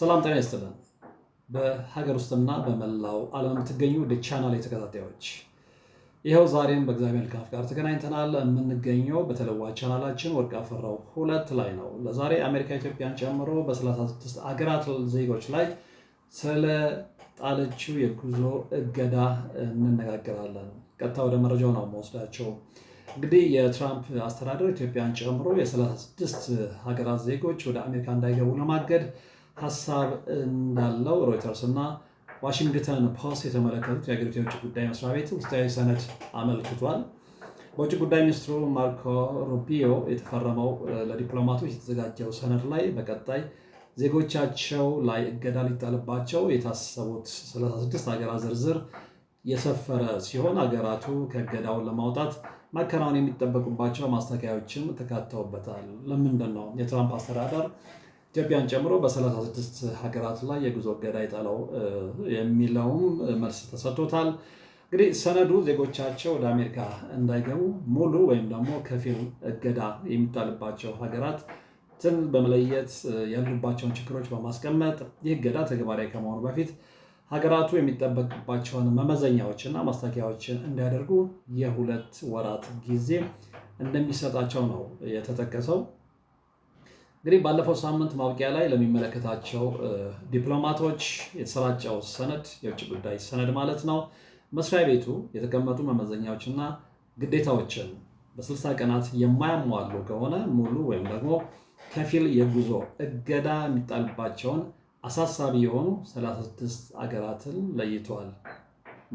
ሰላም ጤና ይስጥልን። በሀገር ውስጥና በመላው ዓለም የምትገኙ ወደ ቻናል የተከታታዮች ይኸው ዛሬም በእግዚአብሔር ካፍ ጋር ተገናኝተናል። የምንገኘው በተለዋ ቻናላችን ወርቅ አፈራው ሁለት ላይ ነው። ለዛሬ አሜሪካ ኢትዮጵያን ጨምሮ በ36 አገራት ዜጎች ላይ ስለጣለችው የጉዞ እገዳ እንነጋገራለን። ቀጥታ ወደ መረጃው ነው መወስዳቸው። እንግዲህ የትራምፕ አስተዳደር ኢትዮጵያን ጨምሮ የ36 ሀገራት ዜጎች ወደ አሜሪካ እንዳይገቡ ለማገድ ሀሳብ እንዳለው ሮይተርስ እና ዋሽንግተን ፖስት የተመለከቱት የአገሪቱ የውጭ ጉዳይ መስሪያ ቤት ውስጣዊ ሰነድ አመልክቷል። በውጭ ጉዳይ ሚኒስትሩ ማርኮ ሩቢዮ የተፈረመው ለዲፕሎማቶች የተዘጋጀው ሰነድ ላይ በቀጣይ ዜጎቻቸው ላይ እገዳ ሊጣልባቸው የታሰቡት 36 ሀገራት ዝርዝር የሰፈረ ሲሆን ሀገራቱ ከእገዳውን ለማውጣት ማከናወን የሚጠበቁባቸው ማስተካያዎችም ተካተውበታል። ለምንድን ነው የትራምፕ አስተዳደር ኢትዮጵያን ጨምሮ በ36 ሀገራት ላይ የጉዞ እገዳ የጣለው የሚለውም መልስ ተሰጥቶታል። እንግዲህ ሰነዱ ዜጎቻቸው ወደ አሜሪካ እንዳይገቡ ሙሉ ወይም ደግሞ ከፊል እገዳ የሚጣልባቸው ሀገራት ትን በመለየት ያሉባቸውን ችግሮች በማስቀመጥ ይህ እገዳ ተግባራዊ ከመሆኑ በፊት ሀገራቱ የሚጠበቅባቸውን እና ማስታወቂያዎችን እንዲያደርጉ የሁለት ወራት ጊዜ እንደሚሰጣቸው ነው የተጠቀሰው። እንግዲህ ባለፈው ሳምንት ማብቂያ ላይ ለሚመለከታቸው ዲፕሎማቶች የተሰራጨው ሰነድ የውጭ ጉዳይ ሰነድ ማለት ነው መስሪያ ቤቱ የተቀመጡ መመዘኛዎችና ግዴታዎችን በስልሳ ቀናት የማያሟሉ ከሆነ ሙሉ ወይም ደግሞ ከፊል የጉዞ እገዳ የሚጣልባቸውን አሳሳቢ የሆኑ 36 አገራትን ለይቷል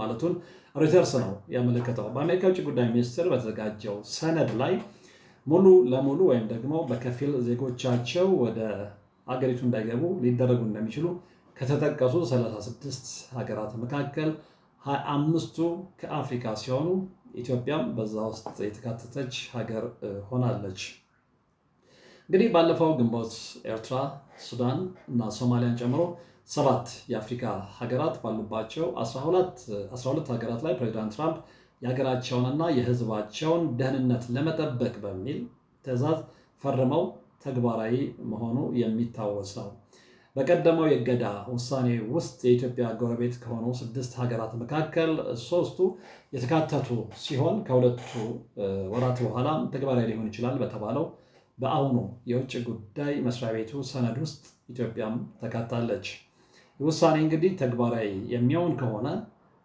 ማለቱን ሮይተርስ ነው ያመለከተው። በአሜሪካ የውጭ ጉዳይ ሚኒስቴር በተዘጋጀው ሰነድ ላይ ሙሉ ለሙሉ ወይም ደግሞ በከፊል ዜጎቻቸው ወደ አገሪቱ እንዳይገቡ ሊደረጉ እንደሚችሉ ከተጠቀሱ 36 ሀገራት መካከል 25ቱ ከአፍሪካ ሲሆኑ ኢትዮጵያም በዛ ውስጥ የተካተተች ሀገር ሆናለች። እንግዲህ ባለፈው ግንቦት ኤርትራ፣ ሱዳን እና ሶማሊያን ጨምሮ ሰባት የአፍሪካ ሀገራት ባሉባቸው 12 ሀገራት ላይ ፕሬዚዳንት ትራምፕ የሀገራቸውንና የሕዝባቸውን ደህንነት ለመጠበቅ በሚል ትዕዛዝ ፈርመው ተግባራዊ መሆኑ የሚታወስ ነው። በቀደመው የእገዳ ውሳኔ ውስጥ የኢትዮጵያ ጎረቤት ከሆኑ ስድስት ሀገራት መካከል ሶስቱ የተካተቱ ሲሆን ከሁለቱ ወራት በኋላም ተግባራዊ ሊሆን ይችላል በተባለው በአሁኑ የውጭ ጉዳይ መስሪያ ቤቱ ሰነድ ውስጥ ኢትዮጵያም ተካታለች። ውሳኔ እንግዲህ ተግባራዊ የሚሆን ከሆነ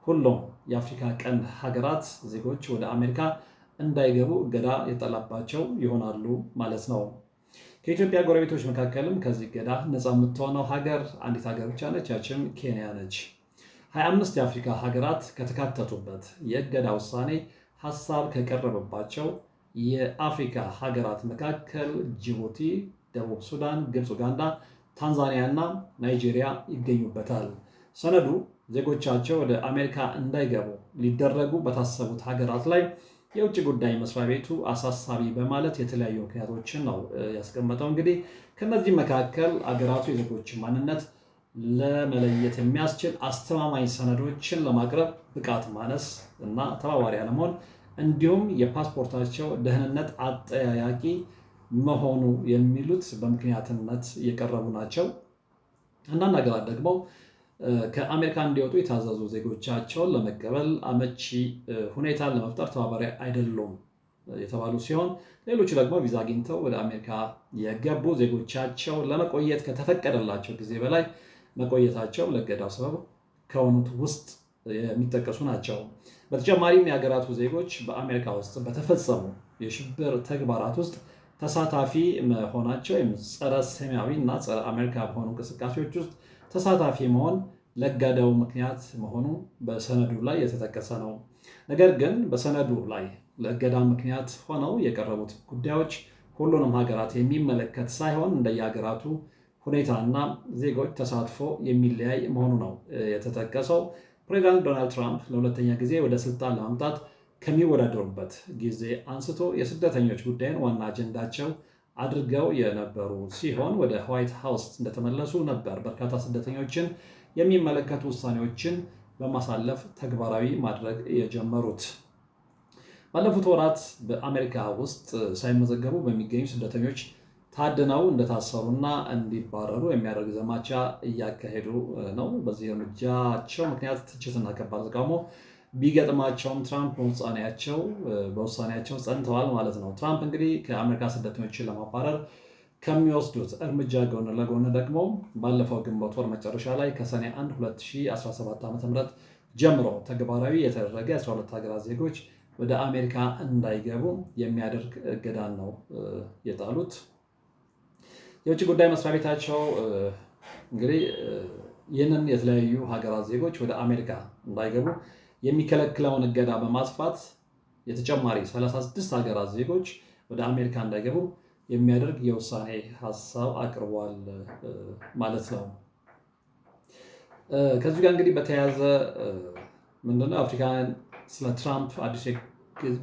ሁሉም የአፍሪካ ቀንድ ሀገራት ዜጎች ወደ አሜሪካ እንዳይገቡ እገዳ የጠላባቸው ይሆናሉ ማለት ነው። ከኢትዮጵያ ጎረቤቶች መካከልም ከዚህ እገዳ ነፃ የምትሆነው ሀገር አንዲት ሀገር ብቻ ነች፣ ያችም ኬንያ ነች። 25 የአፍሪካ ሀገራት ከተካተቱበት የእገዳ ውሳኔ ሀሳብ ከቀረበባቸው የአፍሪካ ሀገራት መካከል ጅቡቲ፣ ደቡብ ሱዳን፣ ግብፅ፣ ኡጋንዳ፣ ታንዛኒያ እና ናይጄሪያ ይገኙበታል። ሰነዱ ዜጎቻቸው ወደ አሜሪካ እንዳይገቡ ሊደረጉ በታሰቡት ሀገራት ላይ የውጭ ጉዳይ መስሪያ ቤቱ አሳሳቢ በማለት የተለያዩ ምክንያቶችን ነው ያስቀመጠው። እንግዲህ ከእነዚህ መካከል አገራቱ የዜጎችን ማንነት ለመለየት የሚያስችል አስተማማኝ ሰነዶችን ለማቅረብ ብቃት ማነስ እና ተባባሪ አለመሆን እንዲሁም የፓስፖርታቸው ደህንነት አጠያያቂ መሆኑ የሚሉት በምክንያትነት የቀረቡ ናቸው። አንዳንድ ሀገራት ደግሞ ከአሜሪካ እንዲወጡ የታዘዙ ዜጎቻቸውን ለመቀበል አመቺ ሁኔታን ለመፍጠር ተባባሪ አይደሉም የተባሉ ሲሆን ሌሎቹ ደግሞ ቪዛ አግኝተው ወደ አሜሪካ የገቡ ዜጎቻቸው ለመቆየት ከተፈቀደላቸው ጊዜ በላይ መቆየታቸው ለእገዳው ሰበብ ከሆኑት ውስጥ የሚጠቀሱ ናቸው። በተጨማሪም የሀገራቱ ዜጎች በአሜሪካ ውስጥ በተፈጸሙ የሽብር ተግባራት ውስጥ ተሳታፊ መሆናቸው ወይም ጸረ ሴማዊ እና ጸረ አሜሪካ በሆኑ እንቅስቃሴዎች ውስጥ ተሳታፊ መሆን ለጋዳው ምክንያት መሆኑ በሰነዱ ላይ የተጠቀሰ ነው። ነገር ግን በሰነዱ ላይ ለእገዳ ምክንያት ሆነው የቀረቡት ጉዳዮች ሁሉንም ሀገራት የሚመለከት ሳይሆን እንደየሀገራቱ ሁኔታና ዜጎች ተሳትፎ የሚለያይ መሆኑ ነው የተጠቀሰው። ፕሬዚዳንት ዶናልድ ትራምፕ ለሁለተኛ ጊዜ ወደ ስልጣን ለማምጣት ከሚወዳደሩበት ጊዜ አንስቶ የስደተኞች ጉዳይን ዋና አጀንዳቸው አድርገው የነበሩ ሲሆን ወደ ዋይት ሃውስ እንደተመለሱ ነበር በርካታ ስደተኞችን የሚመለከቱ ውሳኔዎችን በማሳለፍ ተግባራዊ ማድረግ የጀመሩት። ባለፉት ወራት በአሜሪካ ውስጥ ሳይመዘገቡ በሚገኙ ስደተኞች ታድነው እንደታሰሩና እንዲባረሩ የሚያደርግ ዘማቻ እያካሄዱ ነው። በዚህ እርምጃቸው ምክንያት ትችትና ከባድ ተቃውሞ ቢገጥማቸውም ትራምፕ በውሳኔያቸው በውሳኔያቸው ጸንተዋል ማለት ነው። ትራምፕ እንግዲህ ከአሜሪካ ስደተኞችን ለማባረር ከሚወስዱት እርምጃ ጎን ለጎን ደግሞ ባለፈው ግንቦት ወር መጨረሻ ላይ ከሰኔ 1 2017 ዓ.ም ጀምሮ ተግባራዊ የተደረገ 12 ሀገራት ዜጎች ወደ አሜሪካ እንዳይገቡ የሚያደርግ እገዳን ነው የጣሉት። የውጭ ጉዳይ መስሪያ ቤታቸው እንግዲህ ይህንን የተለያዩ ሀገራት ዜጎች ወደ አሜሪካ እንዳይገቡ የሚከለክለውን እገዳ በማስፋት የተጨማሪ 36 ሀገራት ዜጎች ወደ አሜሪካ እንዳይገቡ የሚያደርግ የውሳኔ ሀሳብ አቅርቧል ማለት ነው። ከዚህ ጋር እንግዲህ በተያያዘ ምንድነው አፍሪካውያን ስለ ትራምፕ አዲስ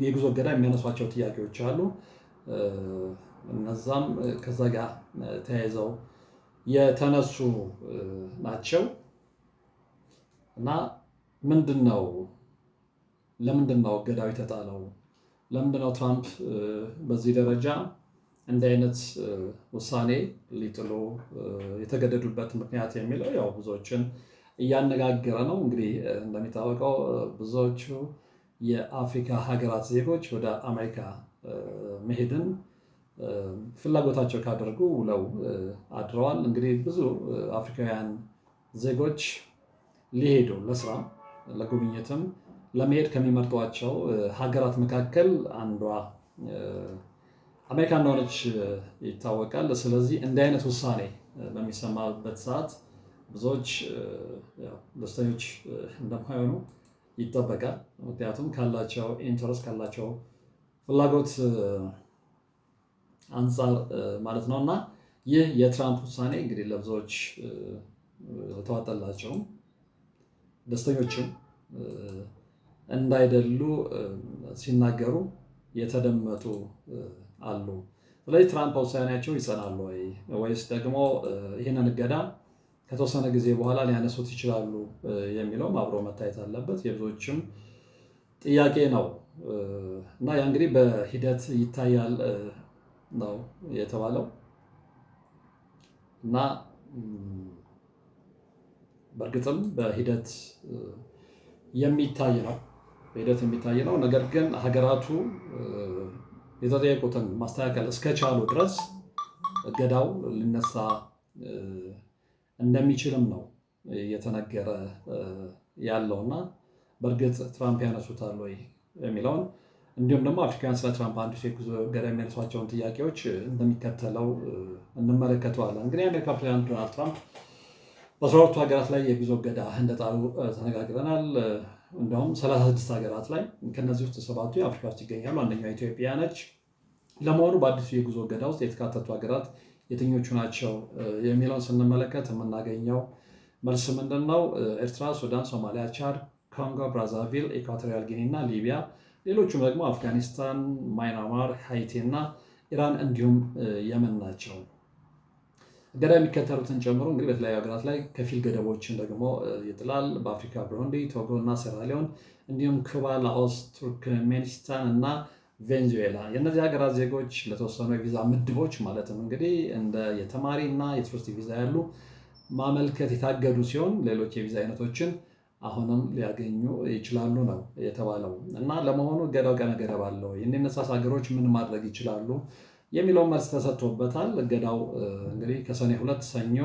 የጉዞ እገዳ የሚያነሷቸው ጥያቄዎች አሉ። እነዛም ከዛ ጋር ተያይዘው የተነሱ ናቸው እና ምንድን ነው ለምንድን ነው እገዳው የተጣለው? ለምንድን ነው ትራምፕ በዚህ ደረጃ እንዲህ አይነት ውሳኔ ሊጥሉ የተገደዱበት ምክንያት የሚለው ያው ብዙዎችን እያነጋገረ ነው። እንግዲህ እንደሚታወቀው ብዙዎቹ የአፍሪካ ሀገራት ዜጎች ወደ አሜሪካ መሄድን ፍላጎታቸው ካደረጉ ውለው አድረዋል። እንግዲህ ብዙ አፍሪካውያን ዜጎች ሊሄዱ ለስራ ለጉብኝትም ለመሄድ ከሚመርጧቸው ሀገራት መካከል አንዷ አሜሪካ እንደሆነች ይታወቃል። ስለዚህ እንዲህ አይነት ውሳኔ በሚሰማበት ሰዓት ብዙዎች ደስተኞች እንደማይሆኑ ይጠበቃል። ምክንያቱም ካላቸው ኢንተረስት ካላቸው ፍላጎት አንጻር ማለት ነው እና ይህ የትራምፕ ውሳኔ እንግዲህ ለብዙዎች ተዋጠላቸውም ደስተኞችም እንዳይደሉ ሲናገሩ የተደመጡ አሉ። ስለዚህ ትራምፕ ውሳኔያቸው ይጸናሉ ወይ ወይስ ደግሞ ይህንን እገዳ ከተወሰነ ጊዜ በኋላ ሊያነሱት ይችላሉ የሚለውም አብሮ መታየት አለበት። የብዙዎችም ጥያቄ ነው እና ያ እንግዲህ በሂደት ይታያል ነው የተባለው እና በእርግጥም በሂደት የሚታይ ነው በሂደት የሚታይ ነው። ነገር ግን ሀገራቱ የተጠየቁትን ማስተካከል እስከቻሉ ድረስ እገዳው ሊነሳ እንደሚችልም ነው እየተነገረ ያለው እና በእርግጥ ትራምፕ ያነሱታል ወይ የሚለውን እንዲሁም ደግሞ አፍሪካውያን ስለ ትራምፕ አንድ ፌክ ጉዞ ገዳ የሚያነሷቸውን ጥያቄዎች እንደሚከተለው እንመለከተዋለን። እንግዲህ የአሜሪካ ፕሬዚዳንት ዶናልድ ትራምፕ በአስራ ሀገራት ላይ የጉዞ እገዳ እንደጣሉ ተነጋግረናል። እንዲሁም ሰላሳ ስድስት ሀገራት ላይ ከነዚህ ውስጥ ሰባቱ የአፍሪካ ውስጥ ይገኛሉ። አንደኛው ኢትዮጵያ ነች። ለመሆኑ በአዲሱ የጉዞ እገዳ ውስጥ የተካተቱ ሀገራት የትኞቹ ናቸው የሚለውን ስንመለከት የምናገኘው መልስ ምንድን ነው? ኤርትራ፣ ሱዳን፣ ሶማሊያ፣ ቻድ፣ ኮንጎ ብራዛቪል፣ ኢኳቶሪያል ጊኒ እና ሊቢያ፣ ሌሎቹም ደግሞ አፍጋኒስታን፣ ማይናማር፣ ሃይቲ እና ኢራን እንዲሁም የመን ናቸው። ገዳ የሚከተሉትን ጨምሮ እንግዲህ በተለያዩ ሀገራት ላይ ከፊል ገደቦችን ደግሞ ይጥላል። በአፍሪካ ብሩንዲ፣ ቶጎ እና ሴራሊዮን እንዲሁም ኩባ፣ ላኦስ፣ ቱርክሜኒስታን እና ቬንዙዌላ የእነዚህ ሀገራት ዜጎች ለተወሰኑ የቪዛ ምድቦች ማለትም እንግዲህ እንደ የተማሪ እና የቱሪስት ቪዛ ያሉ ማመልከት የታገዱ ሲሆን ሌሎች የቪዛ አይነቶችን አሁንም ሊያገኙ ይችላሉ ነው የተባለው። እና ለመሆኑ ገዳው ቀነ ገደብ አለው? ሀገሮች ምን ማድረግ ይችላሉ? የሚለው መልስ ተሰጥቶበታል። እገዳው እንግዲህ ከሰኔ ሁለት ሰኞ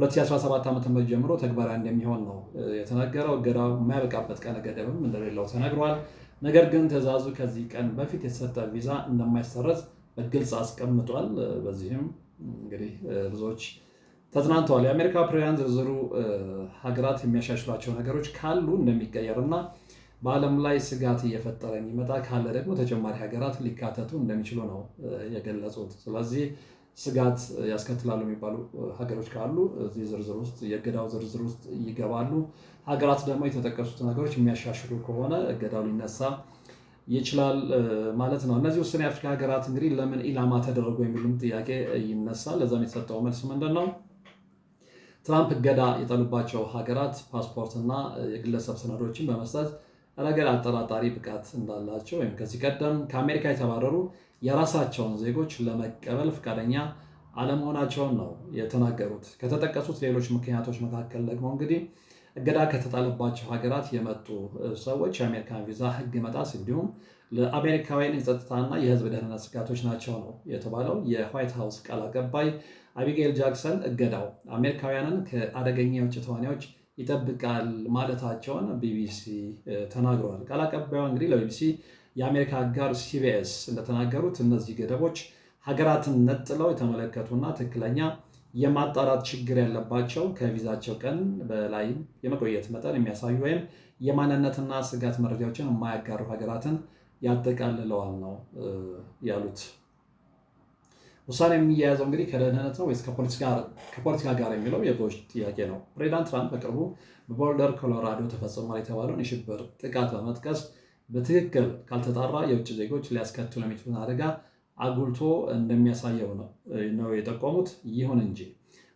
2017 ዓ ም ጀምሮ ተግባራዊ እንደሚሆን ነው የተነገረው። እገዳው የማያበቃበት ቀነ ገደብም እንደሌለው ተነግሯል። ነገር ግን ትዕዛዙ ከዚህ ቀን በፊት የተሰጠ ቪዛ እንደማይሰረዝ በግልጽ አስቀምጧል። በዚህም እንግዲህ ብዙዎች ተዝናንተዋል። የአሜሪካ ፕሬዚዳንት ዝርዝሩ ሀገራት የሚያሻሽሏቸው ነገሮች ካሉ እንደሚቀየርና በዓለም ላይ ስጋት እየፈጠረ የሚመጣ ካለ ደግሞ ተጨማሪ ሀገራት ሊካተቱ እንደሚችሉ ነው የገለጹት። ስለዚህ ስጋት ያስከትላሉ የሚባሉ ሀገሮች ካሉ እዚህ ዝርዝር ውስጥ የእገዳው ዝርዝር ውስጥ ይገባሉ። ሀገራት ደግሞ የተጠቀሱትን ሀገሮች የሚያሻሽሉ ከሆነ እገዳው ሊነሳ ይችላል ማለት ነው። እነዚህ ውስን የአፍሪካ ሀገራት እንግዲህ ለምን ኢላማ ተደረጉ የሚሉም ጥያቄ ይነሳል። ለዛም የተሰጠው መልስ ምንድን ነው? ትራምፕ እገዳ የጠሉባቸው ሀገራት ፓስፖርትና የግለሰብ ሰነዶችን በመስጠት ረገድ አጠራጣሪ ብቃት እንዳላቸው ወይም ከዚህ ቀደም ከአሜሪካ የተባረሩ የራሳቸውን ዜጎች ለመቀበል ፈቃደኛ አለመሆናቸውን ነው የተናገሩት። ከተጠቀሱት ሌሎች ምክንያቶች መካከል ደግሞ እንግዲህ እገዳ ከተጣለባቸው ሀገራት የመጡ ሰዎች የአሜሪካን ቪዛ ሕግ መጣስ እንዲሁም ለአሜሪካውያን የጸጥታና የሕዝብ ደህንነት ስጋቶች ናቸው ነው የተባለው። የዋይት ሀውስ ቃል አቀባይ አቢጌል ጃክሰን እገዳው አሜሪካውያንን ከአደገኛ የውጭ ተዋናዮች ይጠብቃል ማለታቸውን ቢቢሲ ተናግረዋል። ቃል አቀባዩ እንግዲህ ለቢቢሲ የአሜሪካ አጋር ሲቢኤስ እንደተናገሩት እነዚህ ገደቦች ሀገራትን ነጥለው የተመለከቱና ትክክለኛ የማጣራት ችግር ያለባቸው ከቪዛቸው ቀን በላይ የመቆየት መጠን የሚያሳዩ ወይም የማንነትና ስጋት መረጃዎችን የማያጋሩ ሀገራትን ያጠቃልለዋል ነው ያሉት። ውሳኔ የሚያያዘው እንግዲህ ከደህንነት ነው ወይስ ከፖለቲካ ጋር የሚለው የብዙዎች ጥያቄ ነው። ፕሬዚዳንት ትራምፕ በቅርቡ በቦልደር ኮሎራዶ ተፈጽሟል የተባለውን የሽብር ጥቃት በመጥቀስ በትክክል ካልተጣራ የውጭ ዜጎች ሊያስከትሉ የሚችሉን አደጋ አጉልቶ እንደሚያሳየው ነው የጠቆሙት። ይሁን እንጂ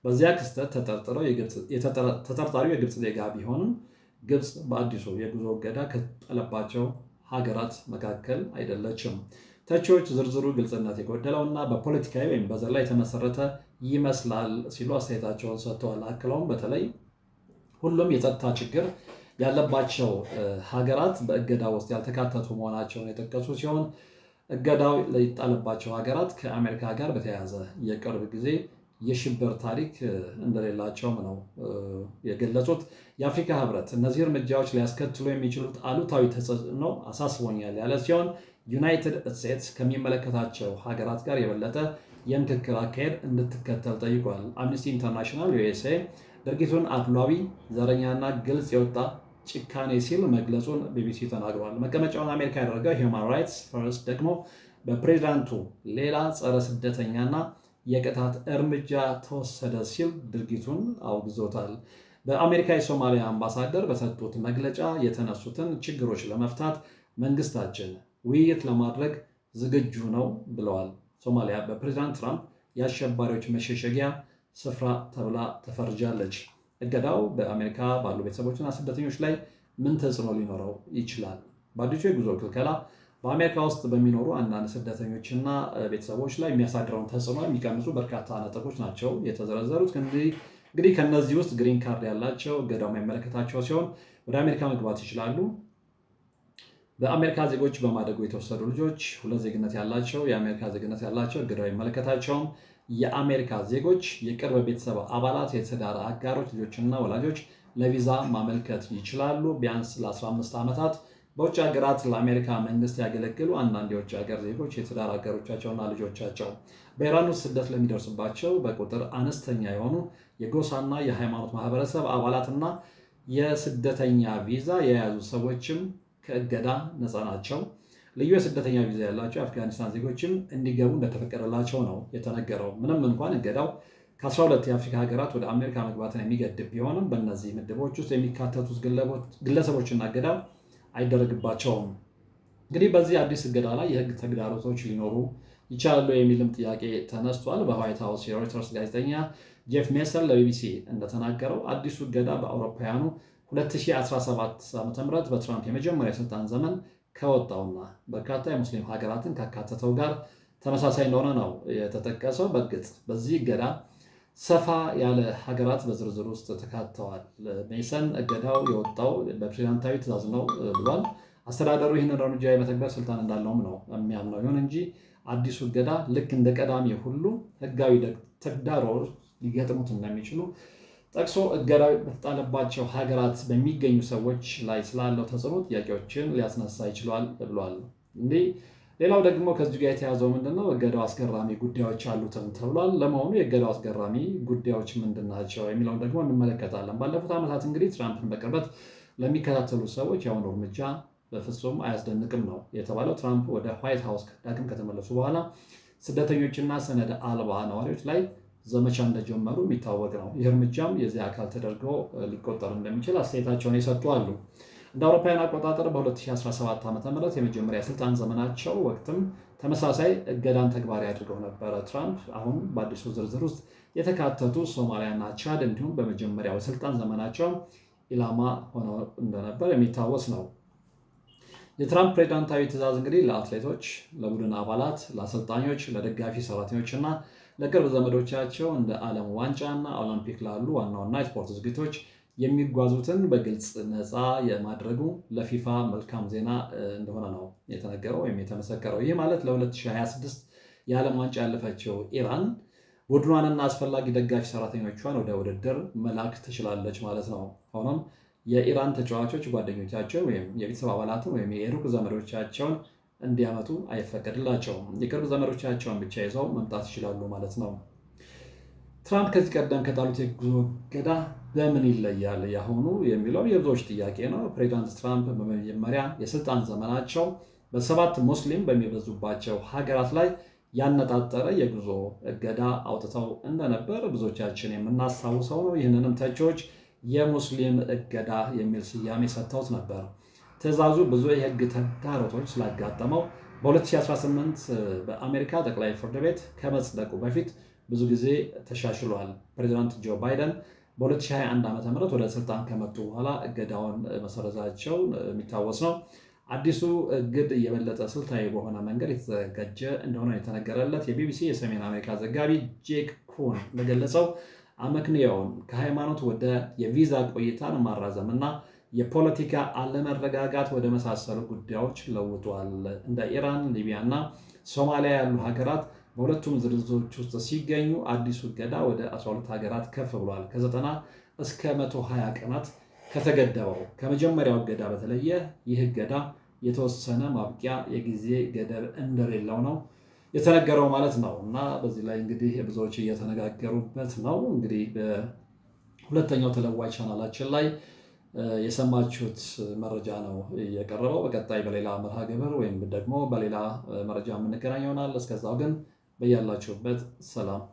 በዚያ ክስተት ተጠርጣሪው የግብፅ ዜጋ ቢሆንም ግብፅ በአዲሱ የጉዞ እገዳ ከጠለባቸው ሀገራት መካከል አይደለችም። ተቺዎች ዝርዝሩ ግልጽነት የጎደለውና በፖለቲካዊ ወይም በዘር ላይ የተመሰረተ ይመስላል ሲሉ አስተያየታቸውን ሰጥተዋል። አክለውም በተለይ ሁሉም የጸጥታ ችግር ያለባቸው ሀገራት በእገዳ ውስጥ ያልተካተቱ መሆናቸውን የጠቀሱ ሲሆን እገዳው ለይጣለባቸው ሀገራት ከአሜሪካ ጋር በተያያዘ የቅርብ ጊዜ የሽብር ታሪክ እንደሌላቸውም ነው የገለጹት። የአፍሪካ ህብረት እነዚህ እርምጃዎች ሊያስከትሉ የሚችሉት አሉታዊ ተጽዕኖ አሳስቦኛል ያለ ሲሆን ዩናይትድ ስቴትስ ከሚመለከታቸው ሀገራት ጋር የበለጠ የምክክር አካሄድ እንድትከተል ጠይቋል። አምነስቲ ኢንተርናሽናል ዩኤስኤ ድርጊቱን አድሏዊ፣ ዘረኛና ግልጽ የወጣ ጭካኔ ሲል መግለጹን ቢቢሲ ተናግሯል። መቀመጫውን አሜሪካ ያደረገው ሂውማን ራይትስ ፈርስት ደግሞ በፕሬዚዳንቱ ሌላ ጸረ ስደተኛና የቅጣት እርምጃ ተወሰደ ሲል ድርጊቱን አውግዞታል። በአሜሪካ የሶማሊያ አምባሳደር በሰጡት መግለጫ የተነሱትን ችግሮች ለመፍታት መንግስታችን ውይይት ለማድረግ ዝግጁ ነው ብለዋል። ሶማሊያ በፕሬዚዳንት ትራምፕ የአሸባሪዎች መሸሸጊያ ስፍራ ተብላ ተፈርጃለች። እገዳው በአሜሪካ ባሉ ቤተሰቦችና ስደተኞች ላይ ምን ተጽዕኖ ሊኖረው ይችላል? በአዲሱ የጉዞ ክልከላ በአሜሪካ ውስጥ በሚኖሩ አንዳንድ ስደተኞችና ቤተሰቦች ላይ የሚያሳድረውን ተጽዕኖ የሚቀንሱ በርካታ ነጥቦች ናቸው የተዘረዘሩት። እንግዲህ ከነዚህ ውስጥ ግሪን ካርድ ያላቸው እገዳው የማይመለከታቸው ሲሆን ወደ አሜሪካ መግባት ይችላሉ። በአሜሪካ ዜጎች በማደጉ የተወሰዱ ልጆች ሁለት ዜግነት ያላቸው የአሜሪካ ዜግነት ያላቸው እገዳው አይመለከታቸውም። የአሜሪካ ዜጎች፣ የቅርብ ቤተሰብ አባላት፣ የትዳር አጋሮች፣ ልጆችና ወላጆች ለቪዛ ማመልከት ይችላሉ። ቢያንስ ለ15 ዓመታት በውጭ ሀገራት ለአሜሪካ መንግስት ያገለግሉ አንዳንድ የውጭ ሀገር ዜጎች የትዳር አጋሮቻቸውና ልጆቻቸው በኢራን ውስጥ ስደት ለሚደርስባቸው በቁጥር አነስተኛ የሆኑ የጎሳና የሃይማኖት ማህበረሰብ አባላትና የስደተኛ ቪዛ የያዙ ሰዎችም ከእገዳ ነፃ ናቸው። ልዩ የስደተኛ ቪዛ ያላቸው የአፍጋኒስታን ዜጎችም እንዲገቡ እንደተፈቀደላቸው ነው የተነገረው። ምንም እንኳን እገዳው ከ12 የአፍሪካ ሀገራት ወደ አሜሪካ መግባትን የሚገድብ ቢሆንም በእነዚህ ምድቦች ውስጥ የሚካተቱት ግለሰቦችና እገዳ አይደረግባቸውም። እንግዲህ በዚህ አዲስ እገዳ ላይ የህግ ተግዳሮቶች ሊኖሩ ይቻላሉ የሚልም ጥያቄ ተነስቷል። በዋይት ሀውስ የሮይተርስ ጋዜጠኛ ጄፍ ሜሰን ለቢቢሲ እንደተናገረው አዲሱ እገዳ በአውሮፓውያኑ 2017 ዓ ም በትራምፕ የመጀመሪያ የስልጣን ዘመን ከወጣውና በርካታ የሙስሊም ሀገራትን ካካተተው ጋር ተመሳሳይ እንደሆነ ነው የተጠቀሰው። በእርግጥ በዚህ እገዳ ሰፋ ያለ ሀገራት በዝርዝር ውስጥ ተካተዋል። ሜሰን እገዳው የወጣው በፕሬዚዳንታዊ ትዕዛዝ ነው ብሏል። አስተዳደሩ ይህንን እርምጃ የመተግበር ስልጣን እንዳለውም ነው የሚያምነው። ይሁን እንጂ አዲሱ እገዳ ልክ እንደ ቀዳሚ ሁሉ ህጋዊ ተግዳሮ ሊገጥሙት እንደሚችሉ ጠቅሶ እገዳ በተጣለባቸው ሀገራት በሚገኙ ሰዎች ላይ ስላለው ተጽዕኖ ጥያቄዎችን ሊያስነሳ ይችሏል ብሏል። እንዲህ ሌላው ደግሞ ከዚ ጋር የተያዘው ምንድነው እገዳው አስገራሚ ጉዳዮች አሉትም ተብሏል። ለመሆኑ የእገዳው አስገራሚ ጉዳዮች ምንድን ናቸው የሚለውን ደግሞ እንመለከታለን። ባለፉት ዓመታት እንግዲህ ትራምፕን በቅርበት ለሚከታተሉ ሰዎች የአሁኑ እርምጃ በፍጹም አያስደንቅም ነው የተባለው። ትራምፕ ወደ ዋይት ሀውስ ዳግም ከተመለሱ በኋላ ስደተኞችና ሰነድ አልባ ነዋሪዎች ላይ ዘመቻ እንደጀመሩ የሚታወቅ ነው። ይህ እርምጃም የዚህ አካል ተደርጎ ሊቆጠር እንደሚችል አስተያየታቸውን የሰጡ አሉ። እንደ አውሮፓውያን አቆጣጠር በ2017 ዓ ም የመጀመሪያ ስልጣን ዘመናቸው ወቅትም ተመሳሳይ እገዳን ተግባሪ አድርገው ነበረ። ትራምፕ አሁን በአዲሱ ዝርዝር ውስጥ የተካተቱ ሶማሊያና ቻድ እንዲሁም በመጀመሪያው ስልጣን ዘመናቸው ኢላማ ሆነው እንደነበር የሚታወስ ነው። የትራምፕ ፕሬዚዳንታዊ ትዕዛዝ እንግዲህ ለአትሌቶች፣ ለቡድን አባላት፣ ለአሰልጣኞች፣ ለደጋፊ ሰራተኞች እና ለቅርብ ዘመዶቻቸው እንደ ዓለም ዋንጫና ኦሎምፒክ ላሉ ዋና ዋና የስፖርት ዝግጅቶች የሚጓዙትን በግልጽ ነፃ የማድረጉ ለፊፋ መልካም ዜና እንደሆነ ነው የተነገረው ወይም የተመሰከረው። ይህ ማለት ለ2026 የዓለም ዋንጫ ያለፈችው ኢራን ቡድኗንና አስፈላጊ ደጋፊ ሰራተኞቿን ወደ ውድድር መላክ ትችላለች ማለት ነው። ሆኖም የኢራን ተጫዋቾች ጓደኞቻቸው ወይም የቤተሰብ አባላትን ወይም የሩቅ ዘመዶቻቸውን እንዲያመጡ አይፈቀድላቸውም። የቅርብ ዘመዶቻቸውን ብቻ ይዘው መምጣት ይችላሉ ማለት ነው። ትራምፕ ከዚህ ቀደም ከጣሉት የጉዞ እገዳ በምን ይለያል ያሁኑ የሚለው የብዙዎች ጥያቄ ነው። ፕሬዚዳንት ትራምፕ በመጀመሪያ የስልጣን ዘመናቸው በሰባት ሙስሊም በሚበዙባቸው ሀገራት ላይ ያነጣጠረ የጉዞ እገዳ አውጥተው እንደነበር ብዙዎቻችን የምናስታውሰው ነው። ይህንንም ተቺዎች የሙስሊም እገዳ የሚል ስያሜ ሰጥተውት ነበር። ትእዛዙ ብዙ የህግ ተግዳሮቶች ስላጋጠመው በ2018 በአሜሪካ ጠቅላይ ፍርድ ቤት ከመጽደቁ በፊት ብዙ ጊዜ ተሻሽሏል። ፕሬዚዳንት ጆ ባይደን በ2021 ም ወደ ስልጣን ከመጡ በኋላ እገዳውን መሰረዛቸው የሚታወስ ነው። አዲሱ እግድ እየበለጠ ስልታዊ በሆነ መንገድ የተዘጋጀ እንደሆነ የተነገረለት የቢቢሲ የሰሜን አሜሪካ ዘጋቢ ጄክ ኩን እንደገለጸው አመክንየውን ከሃይማኖት ወደ የቪዛ ቆይታን ማራዘም የፖለቲካ አለመረጋጋት ወደ መሳሰሉ ጉዳዮች ለውጧል። እንደ ኢራን፣ ሊቢያ ሊቢያና ሶማሊያ ያሉ ሀገራት በሁለቱም ዝርዝሮች ውስጥ ሲገኙ አዲሱ እገዳ ወደ 12 ሀገራት ከፍ ብሏል። ከ90 እስከ 120 ቀናት ከተገደበው ከመጀመሪያው እገዳ በተለየ ይህ እገዳ የተወሰነ ማብቂያ የጊዜ ገደብ እንደሌለው ነው የተነገረው ማለት ነው። እና በዚህ ላይ እንግዲህ ብዙዎች እየተነጋገሩበት ነው። እንግዲህ በሁለተኛው ተለዋጭ ቻናላችን ላይ የሰማችሁት መረጃ ነው የቀረበው። በቀጣይ በሌላ መርሃ ግብር ወይም ደግሞ በሌላ መረጃ የምንገናኝ ይሆናል። እስከዛው ግን በያላችሁበት ሰላም